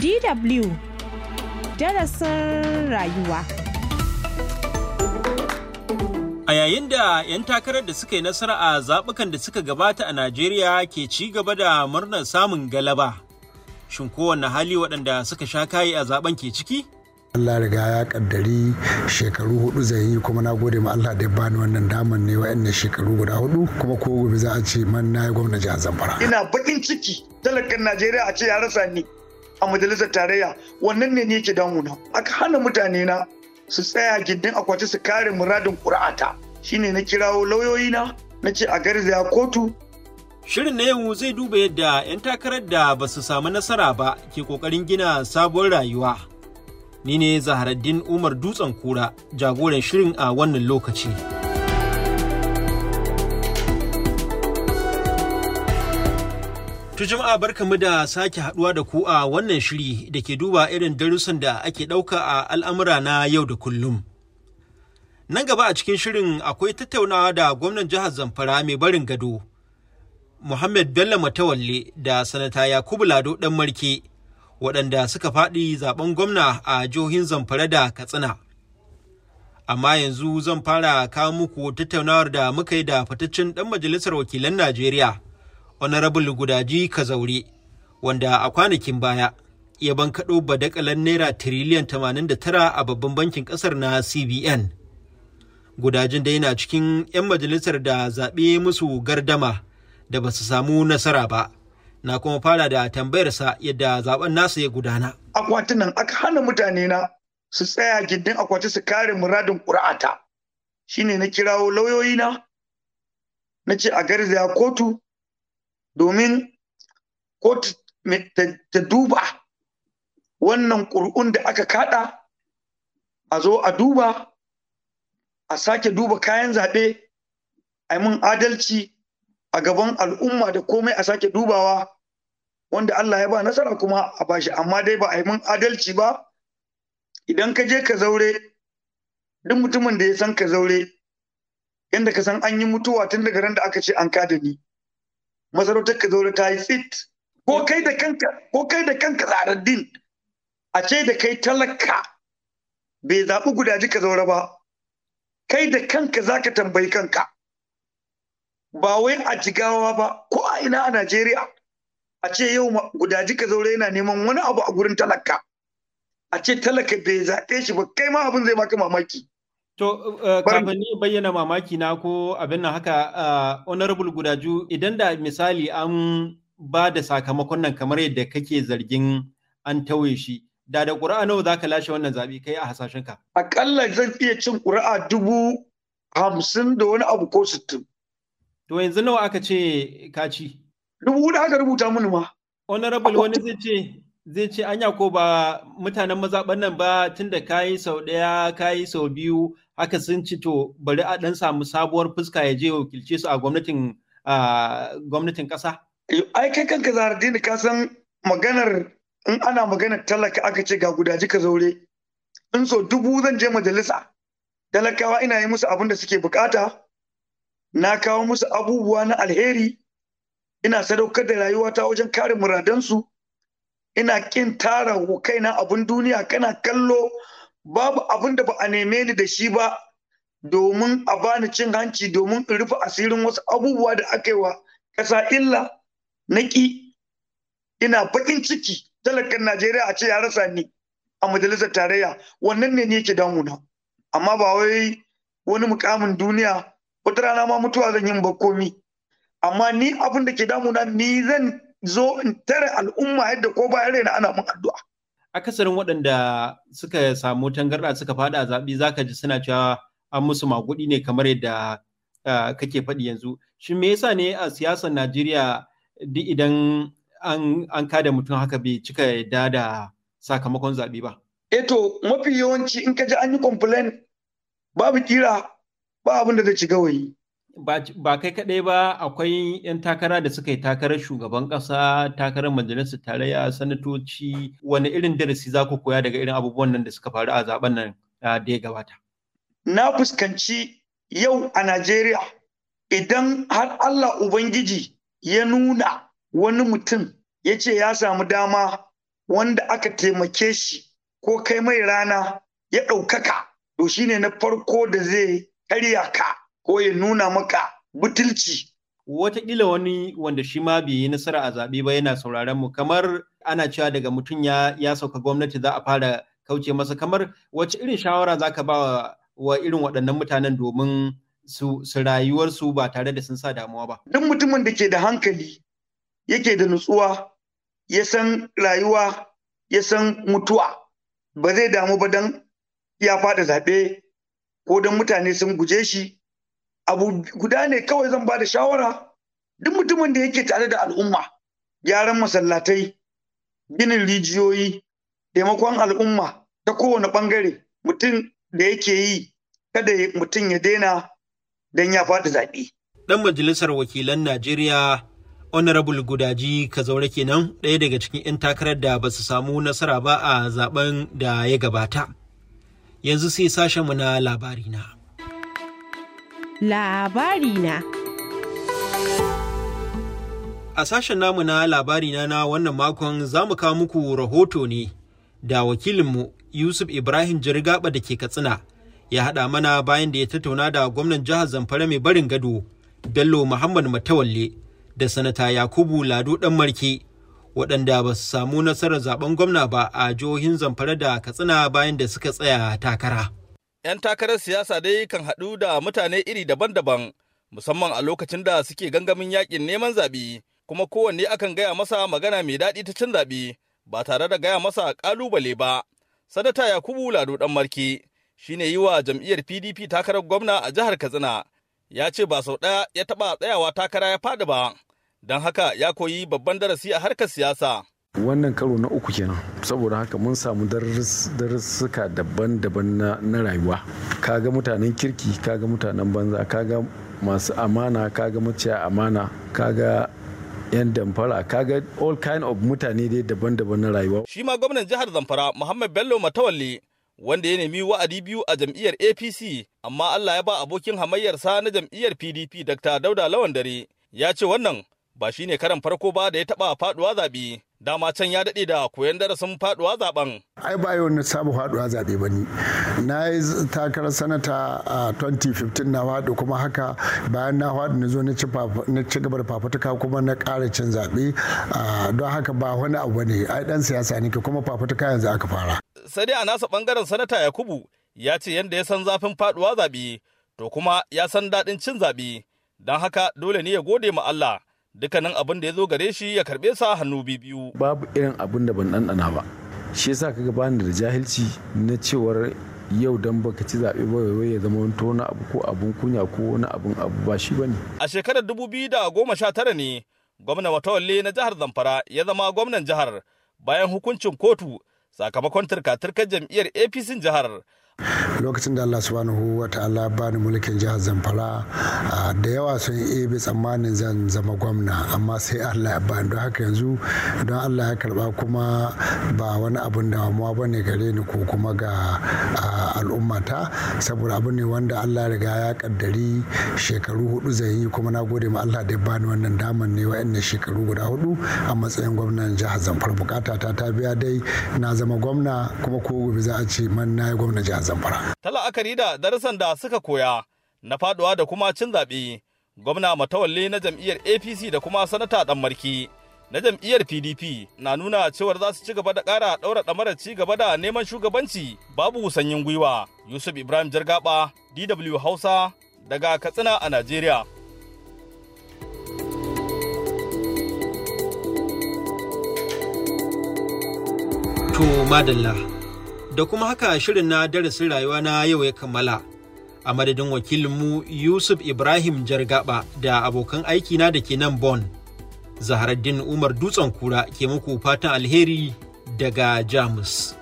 DW darasin rayuwa. A yayin da 'yan takarar da suka yi nasara a zaɓukan da suka gabata a Najeriya ke ci gaba da murnar samun galaba. Shin kowane hali waɗanda suka sha kayi a zaben ke ciki? Allah riga ya kaddari shekaru hudu zai yi kuma na gode ma Allah da bani wannan daman ne wa'annan shekaru guda hudu kuma ko gobe za a ce man na yi gwamna jihar Zamfara. Ina bakin ciki talakan Najeriya a ce ya rasa ni a majalisar tarayya wannan ne yake damuna aka hana mutane na su tsaya gindin akwati su kare muradin ƙuri'ata shine na kirawo lauyoyi na ce a garzaya kotu Shirin na yau zai duba yadda 'yan takarar da ba su samu nasara ba ke ƙoƙarin gina sabuwar rayuwa. Ni ne Zaharaddin Umar Dutsen Kura, jagoran shirin a wannan lokaci. To jama'a barkamu da sake haduwa da ku a wannan shiri da ke duba irin darussan da ake ɗauka a al'amura na yau da kullum. Nan gaba a cikin shirin akwai tattaunawa da gwamnan jihar Zamfara mai barin gado, Muhammad Bello Matawalle da sanata Yakubu Lado ɗan Marke, waɗanda suka faɗi zaben gwamna a jihohin Zamfara da Katsina. Amma yanzu zan fara kawo muku tattaunawar da muka yi da fitaccen ɗan majalisar wakilan Najeriya. honorable gudaji zaure wanda a kwanakin baya ya bankaɗo badakalar naira tiriliyan tamanin da tara a babban bankin ƙasar na cbn gudajin da yana cikin 'yan majalisar da zaɓe musu gardama da ba su samu nasara ba na kuma fara da tambayarsa yadda zaɓen nasa ya gudana Akwatinan aka hana mutane na su tsaya gindin akwati su kare muradin ƙura'ata shine na kirawo lauyoyina na ce a garzaya kotu domin ko ta duba wannan ƙuri'un da aka kaɗa, a zo a duba a sake duba kayan zaɓe a mun adalci a gaban al'umma da komai a sake dubawa wanda Allah ya ba nasara kuma a bashi amma dai ba a yi mun adalci ba idan ka je ka zaure duk mutumin da ya san ka zaure yadda ka san an yi mutuwa tun daga ran da aka ce an kada ni masarautar ka zaune ta yi fit ko kai da kanka ko kai da kanka tsaraddin a ce da kai talaka bai zaɓi ji ka zaune ba kai da kanka za ka tambayi kanka ba wai a jigawa ba ko a ina a najeriya a ce yau guda ji ka zaune yana neman wani abu a gurin talaka a ce talaka bai zaɓe shi ba kai ma abin zai baka mamaki To, eh, kafin ni bayyana mamaki na ko abin nan haka, eh, honorable gudaju idan da misali an ba da sakamakon nan kamar yadda kake zargin an tauye shi, da da ƙura'a nawa za ka lashe wannan zaɓe kai a hasashen ka? Aƙalla zan iya cin ƙura'a dubu hamsin da wani abu ko sittin. To yanzu nawa aka ce ka ci? Dubu da aka rubuta mini ma. Honorable wani zai ce zai ce anya ko ba mutanen mazaɓan nan ba tun da yi sau ɗaya ka yi sau biyu haka sun ci to bari a ɗan samu sabuwar fuska ya je wakilce su a gwamnatin gwamnatin ƙasa. Eh, ai kai kanka zahardini ka san maganar in ana maganar talaka aka ce ga guda ka zaure in so dubu zan je majalisa talakawa ina yi musu abin da suke bukata na kawo musu abubuwa na alheri ina sadaukar da rayuwata wajen kare muradansu ina kin tara kaina abin duniya kana kallo babu abin da ba a neme ni da shi ba domin a bani cin hanci domin in rufe asirin wasu abubuwa da aka yi wa ƙasa illa naki ina baƙin ciki talakan najeriya a ce ya rasa ni a majalisar tarayya wannan ne yake damuna amma ba wai wani mukamin duniya wata rana ma mutuwa zan yi ba komi amma ni abin da ke damuna ni zan zo in tare al'umma yadda ko bayan raina ana mun addu'a akasarin waɗanda suka samu tangarɗa suka faɗi a zaɓi ka ji suna cewa an musu maguɗi ne kamar yadda kake faɗi yanzu shin me yasa ne a siyasar Najeriya duk idan an kada mutum haka bai cika yadda da sakamakon zaɓe ba eto eh mafi yawanci in ka ji an yi complain babu kira ba abin da zai ci gawayi ba kai kaɗai ba akwai 'yan takara da suka yi takarar shugaban ƙasa takarar majalisar tarayya sanatoci wani irin darasi za ku koya daga irin abubuwan nan da suka faru a zaben nan da ya gabata na fuskanci yau a najeriya idan har allah ubangiji ya nuna wani mutum ya ce ya samu dama wanda aka taimake shi ko kai mai rana ya ɗaukaka to shine na farko da zai karya ka ko ya nuna maka butulci. Wataƙila wani wanda shi ma bai yi nasara a zaɓe ba yana sauraron mu kamar ana cewa daga mutum ya ya sauka gwamnati za a fara kauce masa kamar wacce irin shawara za ka ba wa irin waɗannan mutanen domin su rayuwarsu ba tare da sun sa damuwa ba. Duk mutumin da ke da hankali yake da nutsuwa ya san rayuwa ya san mutuwa ba zai damu ba don ya faɗa zaɓe ko don mutane sun guje shi abu guda ne kawai zan ba da shawara duk mutumin da yake tare da al'umma gyaran masallatai ginin rijiyoyi taimakon al'umma ta kowane ɓangare mutum da yake yi kada mutum ya daina don ya faɗi zaɓe. Ɗan majalisar wakilan Najeriya Honorable Gudaji Kazaure kenan ɗaya daga cikin 'yan takarar da ba su samu nasara ba a zaben da ya gabata. Yanzu sai sashenmu na labari na. labarina. A sashen namu na labarina na wannan makon za mu kawo muku rahoto ne da wakilinmu Yusuf Ibrahim Jirgaba da ke Katsina ya haɗa mana bayan da ya tattauna da gwamnan jihar Zamfara mai barin gado Bello Muhammad Matawalle da sanata Yakubu Lado ɗan Marke waɗanda ba su samu nasarar zaben gwamna ba a jihohin Zamfara da Katsina bayan da suka tsaya takara. 'yan takarar siyasa dai kan haɗu da mutane iri daban-daban musamman a lokacin da suke gangamin yakin neman zaɓe kuma kowanne akan gaya masa magana mai daɗi ta cin zaɓe ba tare da gaya masa ƙalubale ba sanata yakubu lado ɗan marki ne yi wa jam'iyyar pdp takarar gwamna a jihar katsina ya ce ba sau ɗaya ya taɓa tsayawa takara ya faɗi ba don haka ya koyi babban darasi a harkar siyasa wannan karo na uku kenan saboda haka mun samu darussuka daban-daban na rayuwa kaga mutanen kirki kaga mutanen banza kaga masu amana kaga maciya amana kaga yan damfara kaga all kind of mutane dai daban-daban na rayuwa shi ma gwamnan jihar zamfara muhammad bello matawalle wanda ya nemi wa'adi biyu a jam'iyyar apc amma allah ya ba abokin hamayyarsa na jam'iyyar pdp dr dauda lawan dare ya ce wannan ba shi ne karan farko ba da ya taba faduwa zabi dama can ya daɗe da koyon darasin faduwa zaben. ai ba yau na sabu faduwa zaɓe ba ni na yi takarar sanata a 2015 na wadu kuma haka bayan na wadu na zo na ci gaba da fafutuka kuma na ƙara cin zaɓe don haka ba wani abu ne ai dan siyasa ne kuma fafutuka yanzu aka fara. sai dai a nasa ɓangaren sanata yakubu ya ce yadda ya san zafin faduwa zabe to kuma ya san daɗin cin zaɓe don haka dole ne ya gode ma Allah dukkanin abin da ya zo gare shi ya karbe sa hannu biyu babu irin abin da ban ɗanɗana ba shi yasa kaga bani da jahilci na cewar yau dan baka ci zaɓe ba ya zama wani tona abu ko abun kunya ko wani abun abu ba shi bane a shekarar tara ne gwamnan watawalle na jihar zamfara ya zama gwamnan jihar bayan hukuncin kotu sakamakon turka-turkar jam'iyyar apc jihar lokacin da allah subhanahu wa ta'ala bani mulkin jihar zamfara da yawa sun bi tsammanin zan zama gwamna amma sai allah ya bani don haka yanzu don allah ya karba kuma ba wani abun damuwa ba ne gare ni ko kuma ga al'ummata saboda abu ne wanda allah riga ya kaddari shekaru hudu zai yi kuma na gode ma allah da ya bani wannan daman ne wa'annan shekaru guda hudu a matsayin gwamnan jihar zamfara bukata ta ta biya dai na zama gwamna kuma ko gobe za a ce man na yi gwamna jihar zamfara ta la'akari da darasan da suka koya na faduwa da kuma cin zaɓe gwamna matawalle na jam'iyyar apc da kuma sanata dan marki na jam'iyyar pdp na nuna cewar za su ci gaba da ƙara ɗaura ɗamarar ci gaba da neman shugabanci babu sanyin gwiwa yusuf ibrahim jargaba dw hausa daga katsina a najeriya to da kuma haka shirin na darasin rayuwa na yau ya kammala a madadin wakilinmu yusuf ibrahim jargaba da abokan aikina da ke nan bon zaharaddin umar dutsen kura ke muku fatan alheri daga jamus